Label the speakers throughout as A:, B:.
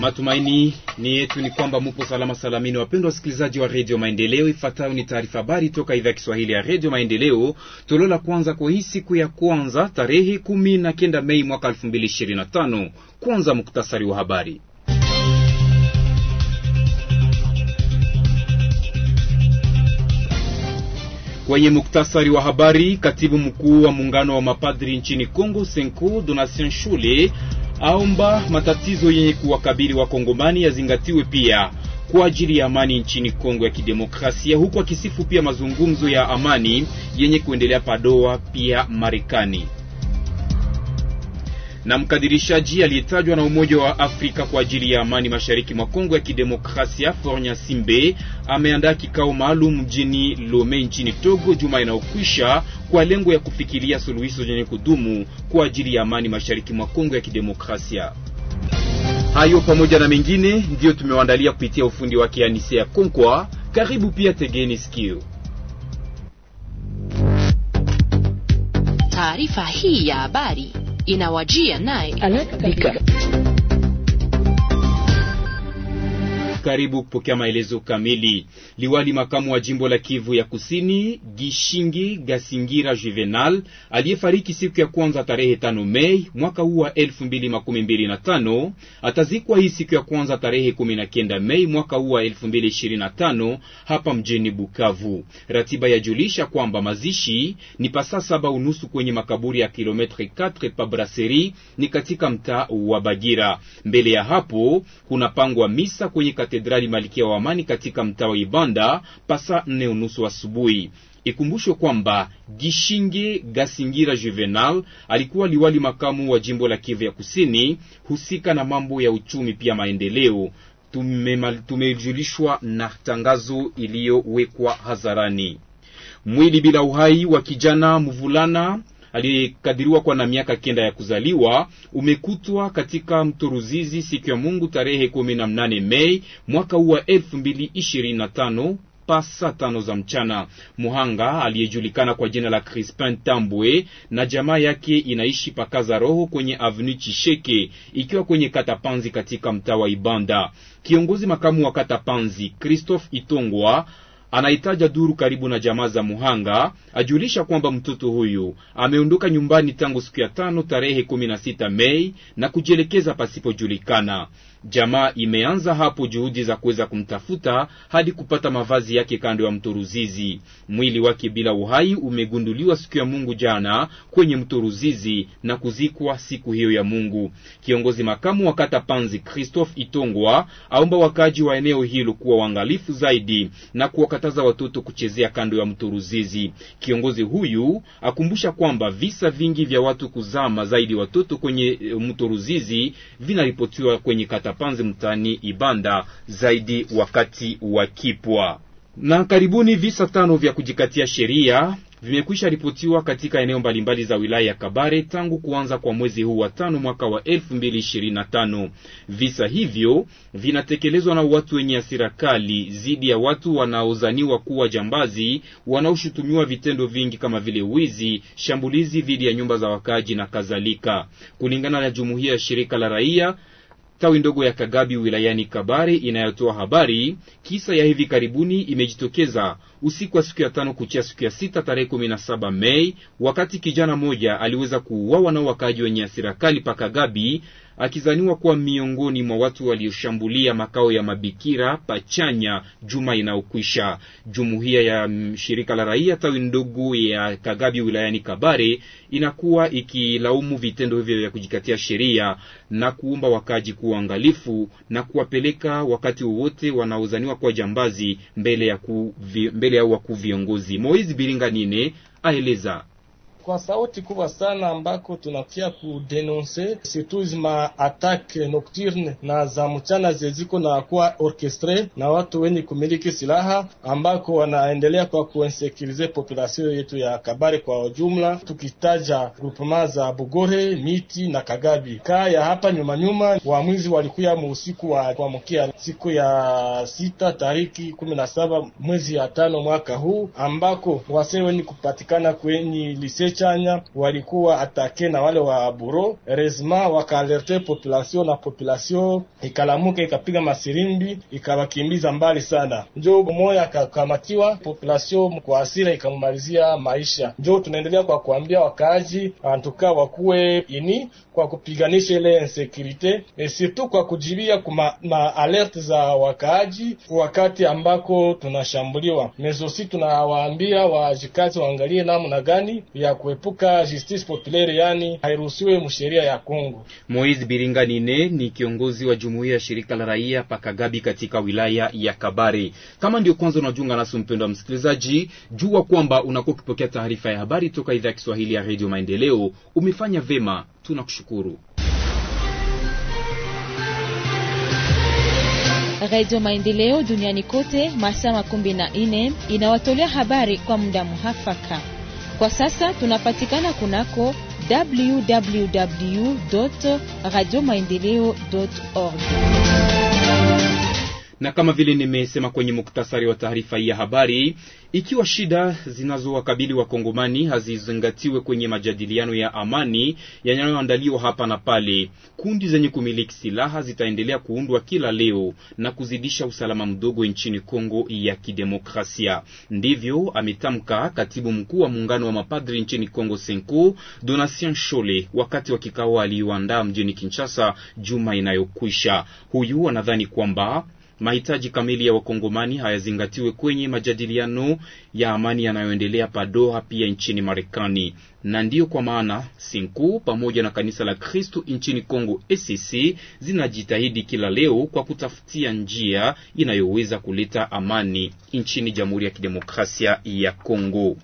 A: Matumaini ni yetu ni kwamba mupo salama salamini, wapendwa wasikilizaji wa redio Maendeleo. Ifuatayo ni taarifa habari toka idhaa ya Kiswahili ya redio Maendeleo, toleo la kwanza kwa hii siku ya kwanza tarehe kumi na kenda Mei mwaka elfu mbili ishirini na tano. Kwanza muktasari wa habari. Kwenye muktasari wa habari, katibu mkuu wa muungano wa mapadri nchini congo Senko Donatien Shule aomba matatizo yenye kuwakabili wakongomani yazingatiwe pia kwa ajili ya amani nchini Kongo ya Kidemokrasia, huku akisifu pia mazungumzo ya amani yenye kuendelea Padoa pia Marekani na mkadirishaji aliyetajwa na Umoja wa Afrika kwa ajili ya amani mashariki mwa Kongo ya Kidemokrasia, Fornya Simbe ameandaa kikao maalum mjini Lome nchini Togo juma inayokwisha kwa lengo ya kufikiria suluhisho zenye kudumu kwa ajili ya amani mashariki mwa Kongo ya Kidemokrasia. Hayo pamoja na mengine ndiyo tumewaandalia kupitia ufundi wake Anise ya Konkwa. Karibu pia, tegeni sikio
B: taarifa hii ya habari inawajia naye
A: Karibu kupokea maelezo kamili. Liwali makamu wa jimbo la Kivu ya Kusini Gishingi Gasingira Juvenal aliyefariki siku ya kwanza tarehe tano Mei mwaka huu wa elfu mbili makumi mbili na tano atazikwa hii siku ya kwanza tarehe kumi na kenda Mei mwaka huu wa elfu mbili ishirini na tano hapa mjini Bukavu. Ratiba yajulisha kwamba mazishi ni pasaa saba unusu kwenye makaburi ya kilometre 4 pa Brasserie ni katika mtaa wa Bagira. Mbele ya hapo kuna pangwa misa kwenye katedrali malikia wa Amani katika mtaa wa Ibanda pasa nne unusu asubuhi. Ikumbushwe kwamba Gishinge Gasingira Juvenal alikuwa liwali makamu wa jimbo la Kivu ya Kusini, husika na mambo ya uchumi pia maendeleo. Tumejulishwa na tangazo iliyowekwa hadharani. Mwili bila uhai wa kijana mvulana aliyekadiriwa kuwa na miaka kenda ya kuzaliwa umekutwa katika mto Ruzizi siku ya Mungu tarehe 18 Mei mwaka huu wa 2025 saa tano za mchana. Muhanga aliyejulikana kwa jina la Crispin Tambwe na jamaa yake inaishi pakaza roho kwenye Avenue Chisheke ikiwa kwenye Katapanzi katika mtaa wa Ibanda. Kiongozi makamu wa Katapanzi Christophe Itongwa anaitaja duru karibu na jamaa za muhanga ajulisha kwamba mtoto huyu ameondoka nyumbani tangu siku ya tano tarehe 16 Mei na kujielekeza pasipojulikana. Jamaa imeanza hapo juhudi za kuweza kumtafuta hadi kupata mavazi yake kando ya mto Ruzizi. Mwili wake bila uhai umegunduliwa siku ya Mungu jana kwenye mto Ruzizi na kuzikwa siku hiyo ya Mungu. Kiongozi makamu wa kata Panzi Christophe Itongwa aomba wakaji wa eneo hilo kuwa waangalifu zaidi na kuwakataza watoto kuchezea kando ya mto Ruzizi. Kiongozi huyu akumbusha kwamba visa vingi vya watu kuzama zaidi watoto kwenye eh, mto Ruzizi vinaripotiwa kwenye kata panzi mtaani Ibanda, zaidi wakati wa kipwa. Na karibuni visa tano vya kujikatia sheria vimekwisha ripotiwa katika eneo mbalimbali za wilaya ya Kabare tangu kuanza kwa mwezi huu wa tano mwaka wa 2025. Visa hivyo vinatekelezwa na watu wenye hasira kali dhidi ya watu wanaozaniwa kuwa jambazi, wanaoshutumiwa vitendo vingi kama vile wizi, shambulizi dhidi ya nyumba za wakaaji na kadhalika. Kulingana na jumuiya ya shirika la raia tawi ndogo ya Kagabi wilayani Kabare inayotoa habari. Kisa ya hivi karibuni imejitokeza usiku wa siku ya tano kuchia siku ya sita tarehe 17 Mei, wakati kijana mmoja aliweza kuuawa na wakaaji wenye hasira kali pa Kagabi akizaniwa kuwa miongoni mwa watu walioshambulia makao ya mabikira Pachanya juma inayokwisha. Jumuiya ya shirika la raia tawi ndugu ya Kagabi wilayani Kabare inakuwa ikilaumu vitendo hivyo vya kujikatia sheria na kuomba wakaji angalifu na kuwapeleka wakati wowote wanaozaniwa kuwa jambazi mbele ya, kuvi, mbele ya wakuu viongozi. Moiz Biringa nine aeleza
C: kwa sauti kubwa sana, ambako tunakia kudenonse situzi ma atake nocturne na za mchana zeziko na kuwa orchestre na watu wenye kumiliki silaha, ambako wanaendelea kwa kuinsekurize population yetu ya Kabare kwa ujumla, tukitaja grupema za Bugore, Miti na Kagabi kaya hapa nyuma nyuma. mwizi walikuya muusiku wa kuamkia siku ya sita tariki kumi na saba mwezi ya tano mwaka huu, ambako wasee wenye kupatikana kwenye lise Chanya walikuwa atake na wale wa buro resma, wakaalerte population na population ikalamuka ikapiga masirimbi ikawakimbiza mbali sana. Njo moya akakamatiwa population kwa asira ikamumalizia maisha. Njo tunaendelea kwa kuambia wakaaji antuka wakuwe ini kwa kupiganisha ile insekurite e surtout kwa kujibia kuma ma alerte za wakaaji wakati ambako tunashambuliwa mezosi, tunawaambia wajikazi waangalie namna gani ya kuepuka justice populaire, yani hairuhusiwe msheria ya Kongo.
A: Moise Biringa Nine ni kiongozi wa jumuiya ya shirika la raia Pakagabi katika wilaya ya Kabare. Kama ndio kwanza unajiunga nasi, mpendwa msikilizaji, jua kwamba unakuwa ukipokea taarifa ya habari toka idhaa ya Kiswahili ya Radio Maendeleo. Umefanya vema, tunakushukuru.
B: Radio Maendeleo duniani kote masaa makumi na inawatolea habari kwa muda muhafaka. Kwa sasa tunapatikana kunako www radio org
A: na kama vile nimesema kwenye muktasari wa taarifa hii ya habari, ikiwa shida zinazowakabili wakongomani hazizingatiwe kwenye majadiliano ya amani yanayoandaliwa hapa na pale, kundi zenye kumiliki silaha zitaendelea kuundwa kila leo na kuzidisha usalama mdogo nchini Kongo ya Kidemokrasia. Ndivyo ametamka katibu mkuu wa muungano wa mapadri nchini Kongo Senku, Donatien Shole, wakati wa kikao aliyoandaa mjini Kinshasa juma inayokwisha. Huyu anadhani kwamba mahitaji kamili ya wakongomani hayazingatiwe kwenye majadiliano ya amani yanayoendelea pa Doha, pia nchini Marekani. Na ndiyo kwa maana Sinku pamoja na kanisa la Kristu nchini Kongo ECC zinajitahidi kila leo kwa kutafutia njia inayoweza kuleta amani nchini Jamhuri ya Kidemokrasia ya Kongo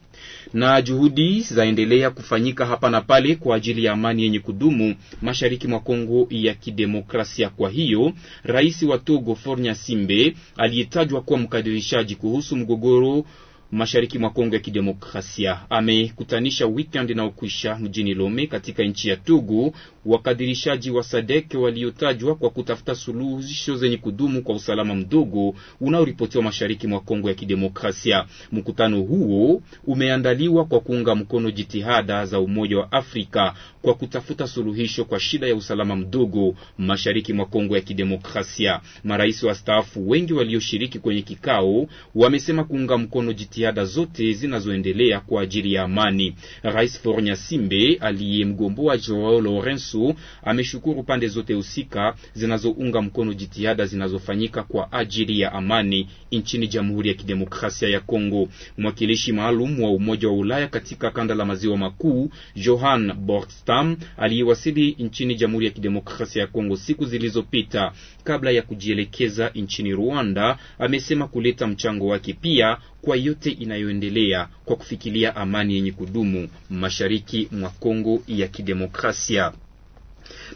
A: na juhudi zaendelea kufanyika hapa na pale kwa ajili ya amani yenye kudumu mashariki mwa Kongo ya Kidemokrasia. Kwa hiyo rais wa Togo Fornya Simbe aliyetajwa kuwa mkadirishaji kuhusu mgogoro mashariki mwa Kongo ya Kidemokrasia amekutanisha weekend na ukwisha mjini Lome katika nchi ya Togo wakadirishaji wa Sadek waliotajwa kwa kutafuta suluhisho zenye kudumu kwa usalama mdogo unaoripotiwa mashariki mwa Kongo ya Kidemokrasia. Mkutano huo umeandaliwa kwa kuunga mkono jitihada za Umoja wa Afrika kwa kutafuta suluhisho kwa shida ya usalama mdogo mashariki mwa Kongo ya Kidemokrasia. Marais wastaafu wengi walioshiriki kwenye kikao wamesema kuunga mkono jitihada zote zinazoendelea kwa ajili ya amani. Rais Fornya Simbe aliyemgomboa Joao Lorenzo Lamusu ameshukuru pande zote husika zinazounga mkono jitihada zinazofanyika kwa ajili ya amani nchini Jamhuri ya Kidemokrasia ya Kongo. Mwakilishi maalum wa Umoja wa Ulaya katika kanda la maziwa makuu Johan Borgstam aliyewasili nchini Jamhuri ya Kidemokrasia ya Kongo siku zilizopita kabla ya kujielekeza nchini Rwanda, amesema kuleta mchango wake pia kwa yote inayoendelea kwa kufikilia amani yenye kudumu mashariki mwa Kongo ya Kidemokrasia.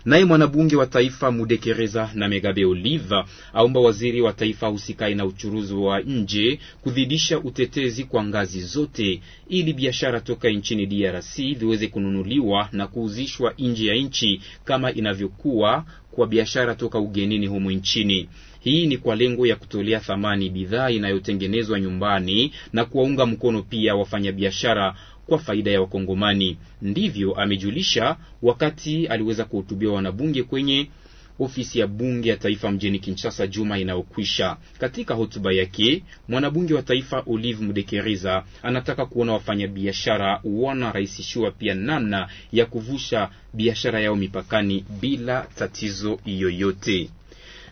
A: Naye mwanabunge wa taifa Mudekereza na Megabe Oliva aomba waziri wa taifa husikae na uchuruzi wa nje kudhidisha utetezi kwa ngazi zote, ili biashara toka nchini DRC viweze kununuliwa na kuuzishwa nje ya nchi kama inavyokuwa kwa biashara toka ugenini humu nchini. Hii ni kwa lengo ya kutolea thamani bidhaa inayotengenezwa nyumbani na kuwaunga mkono pia wafanyabiashara kwa faida ya Wakongomani. Ndivyo amejulisha wakati aliweza kuhutubia wanabunge kwenye ofisi ya bunge ya taifa mjini Kinshasa juma inayokwisha. Katika hotuba yake, mwanabunge wa taifa Olive Mudekeriza anataka kuona wafanyabiashara wanarahisishiwa pia namna ya kuvusha biashara yao mipakani bila tatizo yoyote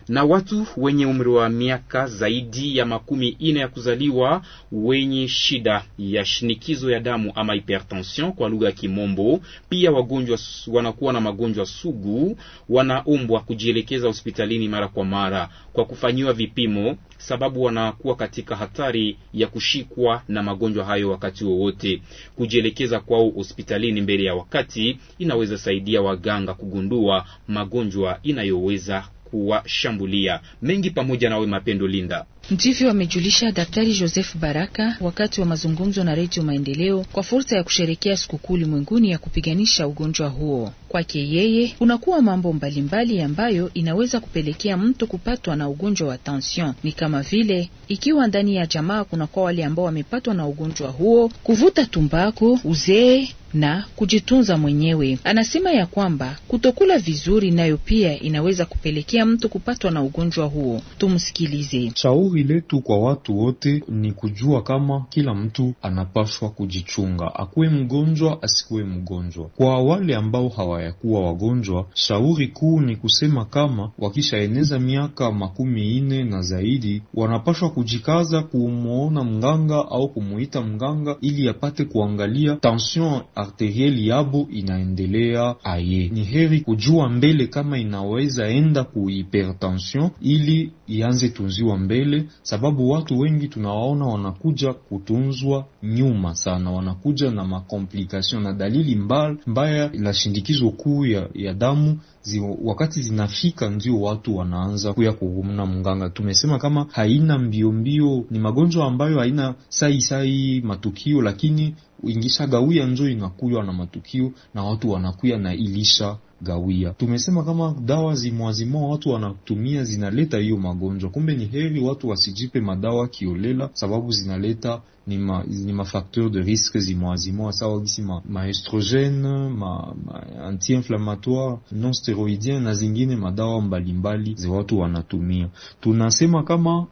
A: na watu wenye umri wa miaka zaidi ya makumi ine ya kuzaliwa wenye shida ya shinikizo ya damu ama hypertension kwa lugha ya Kimombo. Pia wagonjwa wanakuwa na magonjwa sugu wanaombwa kujielekeza hospitalini mara kwa mara kwa kufanyiwa vipimo, sababu wanakuwa katika hatari ya kushikwa na magonjwa hayo wakati wowote. Kujielekeza kwao hospitalini mbele ya wakati inaweza saidia waganga kugundua magonjwa inayoweza kuwashambulia mengi. Pamoja nawe Mapendo Linda.
B: Ndivyo amejulisha Daktari Joseph Baraka wakati wa mazungumzo na Redio Maendeleo kwa fursa ya kusherekea sikukuu ulimwenguni ya kupiganisha ugonjwa huo. Kwake yeye, kunakuwa mambo mbalimbali ambayo inaweza kupelekea mtu kupatwa na ugonjwa wa tension, ni kama vile ikiwa ndani ya jamaa kunakuwa wale ambao wamepatwa na ugonjwa huo, kuvuta tumbako, uzee na kujitunza mwenyewe. Anasema ya kwamba kutokula vizuri nayo pia inaweza kupelekea mtu kupatwa na ugonjwa huo.
D: Tumsikilize. Shauri letu kwa watu wote ni kujua kama kila mtu anapashwa kujichunga, akuwe mgonjwa asikuwe mgonjwa. Kwa wale ambao hawayakuwa wagonjwa, shauri kuu ni kusema kama wakishaeneza miaka makumi ine na zaidi, wanapashwa kujikaza kumwona mganga au kumuita mganga ili apate kuangalia tension arteriel yabo inaendelea aye. Ni heri kujua mbele kama inaweza enda ku hipertension ili ianze tunziwa mbele, sababu watu wengi tunawaona wanakuja kutunzwa nyuma sana, wanakuja na makomplikasion na dalili mbaya mbaya la shindikizo kuu ya, ya damu zi, wakati zinafika ndio watu wanaanza kuya kuumna munganga. Tumesema kama haina mbio mbio, ni magonjwa ambayo haina sai sai matukio, lakini ingisha gawia njo inakuywa na matukio na watu wanakuya na ilisha gawia. Tumesema kama dawa zimwazimwa watu wanatumia zinaleta hiyo magonjwa, kumbe ni heri watu wasijipe madawa kiolela, sababu zinaleta ni, ma, ni facteur de risque zimwazimwa sawa gisi ma, maestrogene ma, ma anti-inflammatoire non steroidien na zingine madawa mbalimbali ze watu wanatumia. Tunasema kama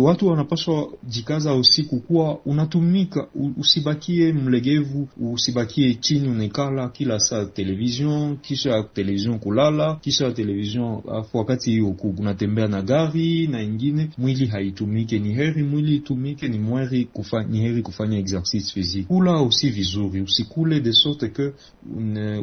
D: watu wanapaswa jikaza usiku, kuwa unatumika, usibakie mlegevu, usibakie chini unekala kila saa television kisha televizion kulala, kisha televizion afu wakati hiyo kunatembea na gari na ingine, mwili haitumike. Ni heri mwili itumike, ni mweri kufa, ni heri kufanya exercice physique. Kula usi vizuri, usikule de sorte que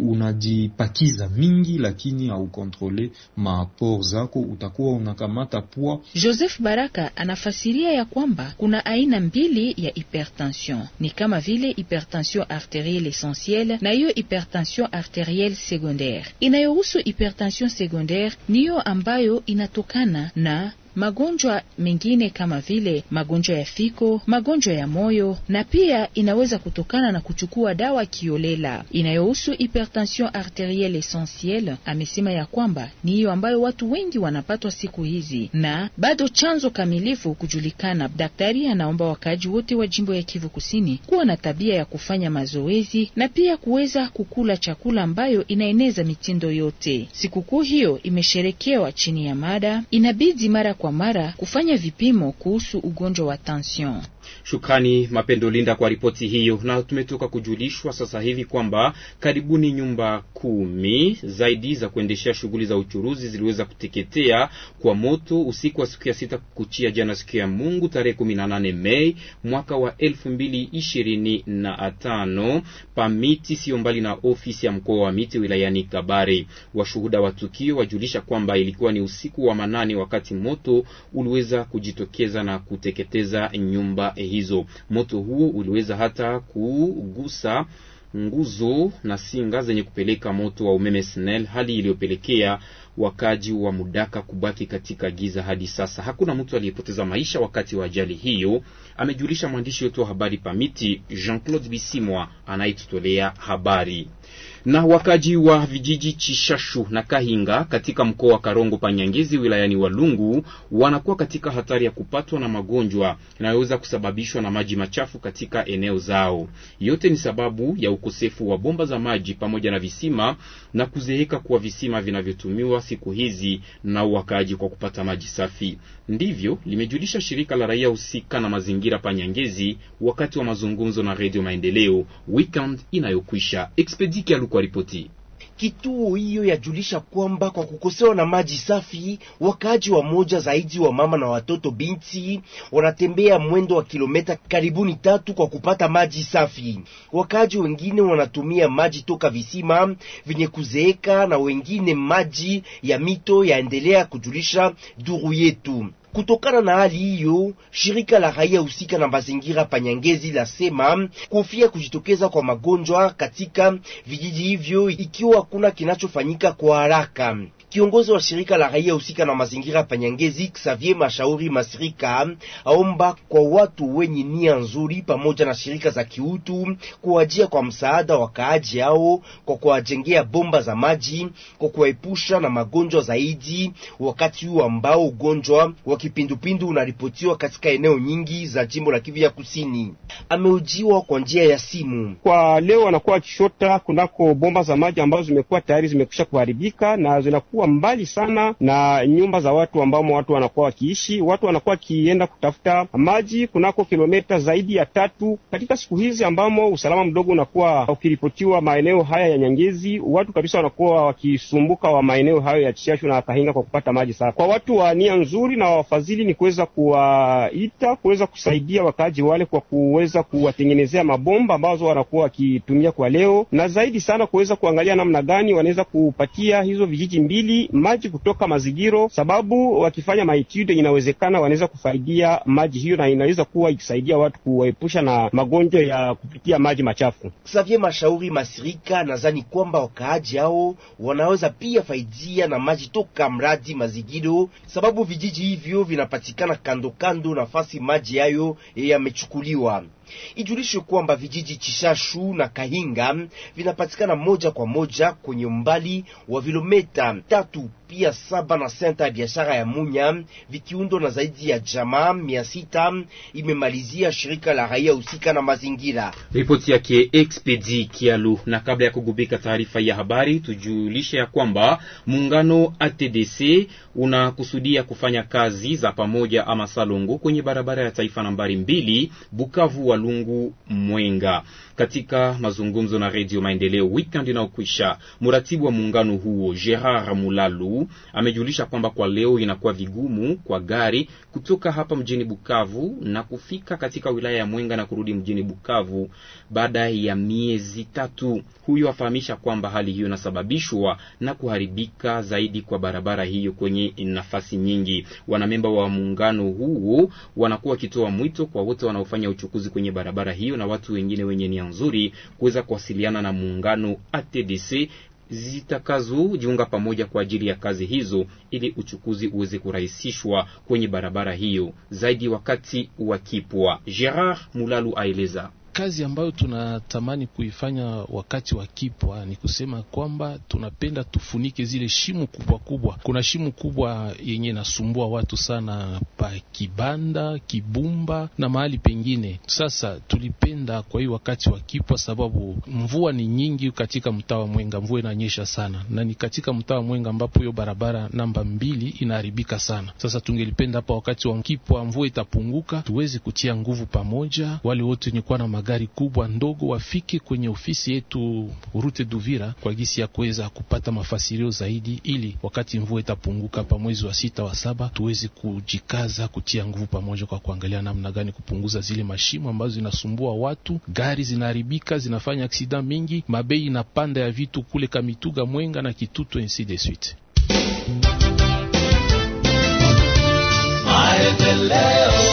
D: unajipakiza mingi, lakini haukontrole maapor zako, utakuwa unakamata pua.
B: Joseph Baraka anafasiria ya kwamba kuna aina mbili ya hypertension, ni kama vile hypertension arterielle essentielle na hiyo hypertension arterielle secondaire inayohusu hypertension secondaire niyo ambayo inatokana na Magonjwa mengine kama vile magonjwa ya figo, magonjwa ya moyo na pia inaweza kutokana na kuchukua dawa kiolela. Inayohusu hypertension arterielle essentielle, amesema ya kwamba ni hiyo ambayo watu wengi wanapatwa siku hizi na bado chanzo kamilifu kujulikana. Daktari anaomba wakaaji wote wa jimbo ya Kivu Kusini kuwa na tabia ya kufanya mazoezi na pia kuweza kukula chakula ambayo inaeneza mitindo yote. Sikukuu hiyo imesherekewa chini ya mada inabidi mara kwa mara kufanya vipimo kuhusu ugonjwa wa tension.
A: Shukrani Mapendo Linda kwa ripoti hiyo. Na tumetoka kujulishwa sasa hivi kwamba karibuni nyumba kumi zaidi za kuendeshea shughuli za uchuruzi ziliweza kuteketea kwa moto usiku wa siku ya sita kuchia jana, siku ya Mungu tarehe 18 Mei mwaka wa 2025 pa miti sio mbali na ofisi ya mkoa wa miti wilayani Kabare. Washuhuda wa tukio wajulisha kwamba ilikuwa ni usiku wa manane wakati moto uliweza kujitokeza na kuteketeza nyumba Eh, hizo. Moto huo uliweza hata kugusa nguzo na singa zenye kupeleka moto wa umeme SNEL, hali iliyopelekea wakaji wa Mudaka kubaki katika giza hadi sasa. Hakuna mtu aliyepoteza maisha wakati wa ajali hiyo, amejulisha mwandishi wetu wa habari Pamiti Jean-Claude Bisimwa anayetutolea habari na wakaji wa vijiji Chishashu na Kahinga katika mkoa wa Karongo Panyangizi wilayani Walungu wanakuwa katika hatari ya kupatwa na magonjwa yanayoweza kusababishwa na maji machafu katika eneo zao. Yote ni sababu ya ukosefu wa bomba za maji pamoja na visima na kuzeeka kwa visima vinavyotumiwa siku hizi na wakaji kwa kupata maji safi. Ndivyo limejulisha shirika la raia husika na mazingira Panyangezi wakati wa mazungumzo na redio Maendeleo weekend inayokwisha. Expedike Aluko kwa ripoti.
E: Kituo hiyo yajulisha kwamba kwa kukosewa na maji safi, wakaaji wa moja zaidi wa mama na watoto binti wanatembea mwendo wa kilometa karibuni tatu kwa kupata maji safi. Wakaaji wengine wanatumia maji toka visima vyenye kuzeeka na wengine maji ya mito, yaendelea kujulisha duru yetu. Kutokana na hali hiyo, shirika la raia husika na mazingira panyangezi la sema kufia kujitokeza kwa magonjwa katika vijiji hivyo ikiwa hakuna kinachofanyika kwa haraka. Kiongozi wa shirika la raia husika na mazingira Panyangezi Xavier Mashauri Masirika aomba kwa watu wenye nia nzuri pamoja na shirika za kiutu kuwajia kwa msaada wakaaji hao kwa kuwajengea bomba za maji kwa kuwaepusha na magonjwa zaidi, wakati huu ambao ugonjwa wa kipindupindu unaripotiwa katika eneo nyingi za jimbo la Kivu ya Kusini. Ameujiwa kwa njia ya simu. Kwa leo anakuwa akishota
A: kunako bomba za maji ambazo zimekuwa tayari zimekwisha kuharibika na zinakuwa inakuwa mbali sana na nyumba za watu ambamo watu wanakuwa wakiishi. Watu wanakuwa wakienda kutafuta maji kunako kilomita zaidi ya tatu katika siku hizi ambamo usalama mdogo unakuwa ukiripotiwa maeneo haya ya Nyangezi. Watu kabisa wanakuwa wakisumbuka wa maeneo hayo ya Chishashu na Kahinga kwa kupata maji sasa Kwa watu wa nia nzuri na wafadhili ni kuweza kuwaita kuweza kusaidia wakaaji wale kwa kuweza kuwatengenezea mabomba ambazo wanakuwa wakitumia kwa leo, na zaidi sana kuweza kuangalia namna gani wanaweza kupatia hizo vijiji mbili mbili maji kutoka Mazigiro, sababu wakifanya maitude inawezekana wanaweza kufaidia maji hiyo, na inaweza kuwa ikisaidia watu kuwaepusha na magonjwa ya kupitia maji machafu.
E: Xavier Mashauri Masirika nadhani kwamba wakaaji hao wanaweza pia faidia na maji toka mradi Mazigiro, sababu vijiji hivyo vinapatikana kando kando nafasi maji hayo yamechukuliwa. Ijulishe kwamba vijiji Chishashu na Kahinga vinapatikana moja kwa moja kwenye umbali wa vilometa tatu pia saba na senta ya biashara ya Munya, vikiundwa na zaidi ya jamaa mia sita, imemalizia shirika la raia husika na mazingira.
A: Ripoti yake Expedi Kialu. Na kabla ya kugubika taarifa ya habari, tujulishe ya kwamba muungano ATDC unakusudia kufanya kazi za pamoja ama salongo kwenye barabara ya taifa nambari mbili Bukavu wa Walungu Mwenga katika mazungumzo na Redio Maendeleo weekend inayokwisha. Mratibu wa muungano huo Gerard Mulalu amejulisha kwamba kwa leo inakuwa vigumu kwa gari kutoka hapa mjini Bukavu na kufika katika wilaya ya Mwenga na kurudi mjini Bukavu baada ya miezi tatu. Huyo afahamisha kwamba hali hiyo inasababishwa na kuharibika zaidi kwa barabara hiyo kwenye nafasi nyingi. Wanamemba wa muungano huo wanakuwa wakitoa mwito kwa wote wanaofanya uchukuzi kwenye barabara hiyo na watu wengine wenye nia nzuri kuweza kuwasiliana na muungano ATDC zitakazojiunga pamoja kwa ajili ya kazi hizo ili uchukuzi uweze kurahisishwa kwenye barabara hiyo zaidi wakati wa kipwa. Gerard Mulalu aeleza
F: kazi ambayo tunatamani kuifanya wakati wa kipwa ni kusema kwamba tunapenda tufunike zile shimu kubwa kubwa. Kuna shimu kubwa yenye nasumbua watu sana pa Kibanda, Kibumba na mahali pengine. Sasa tulipenda kwa hii wakati wa kipwa, sababu mvua ni nyingi katika mtaa wa Mwenga, mvua inanyesha sana, na ni katika mtaa wa Mwenga ambapo hiyo barabara namba mbili inaharibika sana. Sasa tungelipenda hapa wakati wa kipwa mvua itapunguka, tuweze kutia nguvu pamoja wale wote wenye kuwa na magari kubwa ndogo wafike kwenye ofisi yetu Rute Duvira kwa gisi ya kuweza kupata mafasirio zaidi, ili wakati mvua itapunguka pa mwezi wa sita wa saba tuweze kujikaza kutia nguvu pamoja kwa kuangalia namna gani kupunguza zile mashimo ambazo zinasumbua watu, gari zinaharibika, zinafanya aksida mingi, mabei na panda ya vitu kule Kamituga, Mwenga na Kitutu ainsi de suite.
A: Maendeleo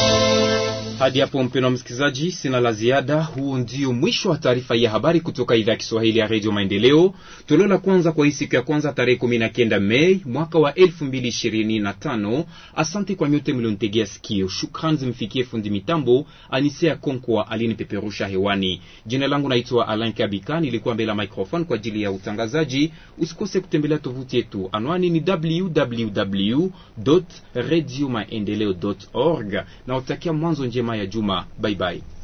A: hadi hapo mpendwa msikilizaji, sina la ziada. Huu ndio mwisho wa taarifa ya habari kutoka idhaa ya Kiswahili ya redio Maendeleo, toleo la kwanza kwa hii siku ya kwanza tarehe 19 Mei mwaka wa 2025. Asante kwa nyote mlionitegea sikio. Shukrani zimfikie fundi mitambo Anisea Konkwa alinipeperusha hewani. Jina langu naitwa Alan Kabika, nilikuwa mbele ya microphone kwa ajili ya utangazaji. Usikose kutembelea tovuti yetu, anwani ni www.radiomaendeleo.org na utakia mwanzo njema njema ya juma. bye.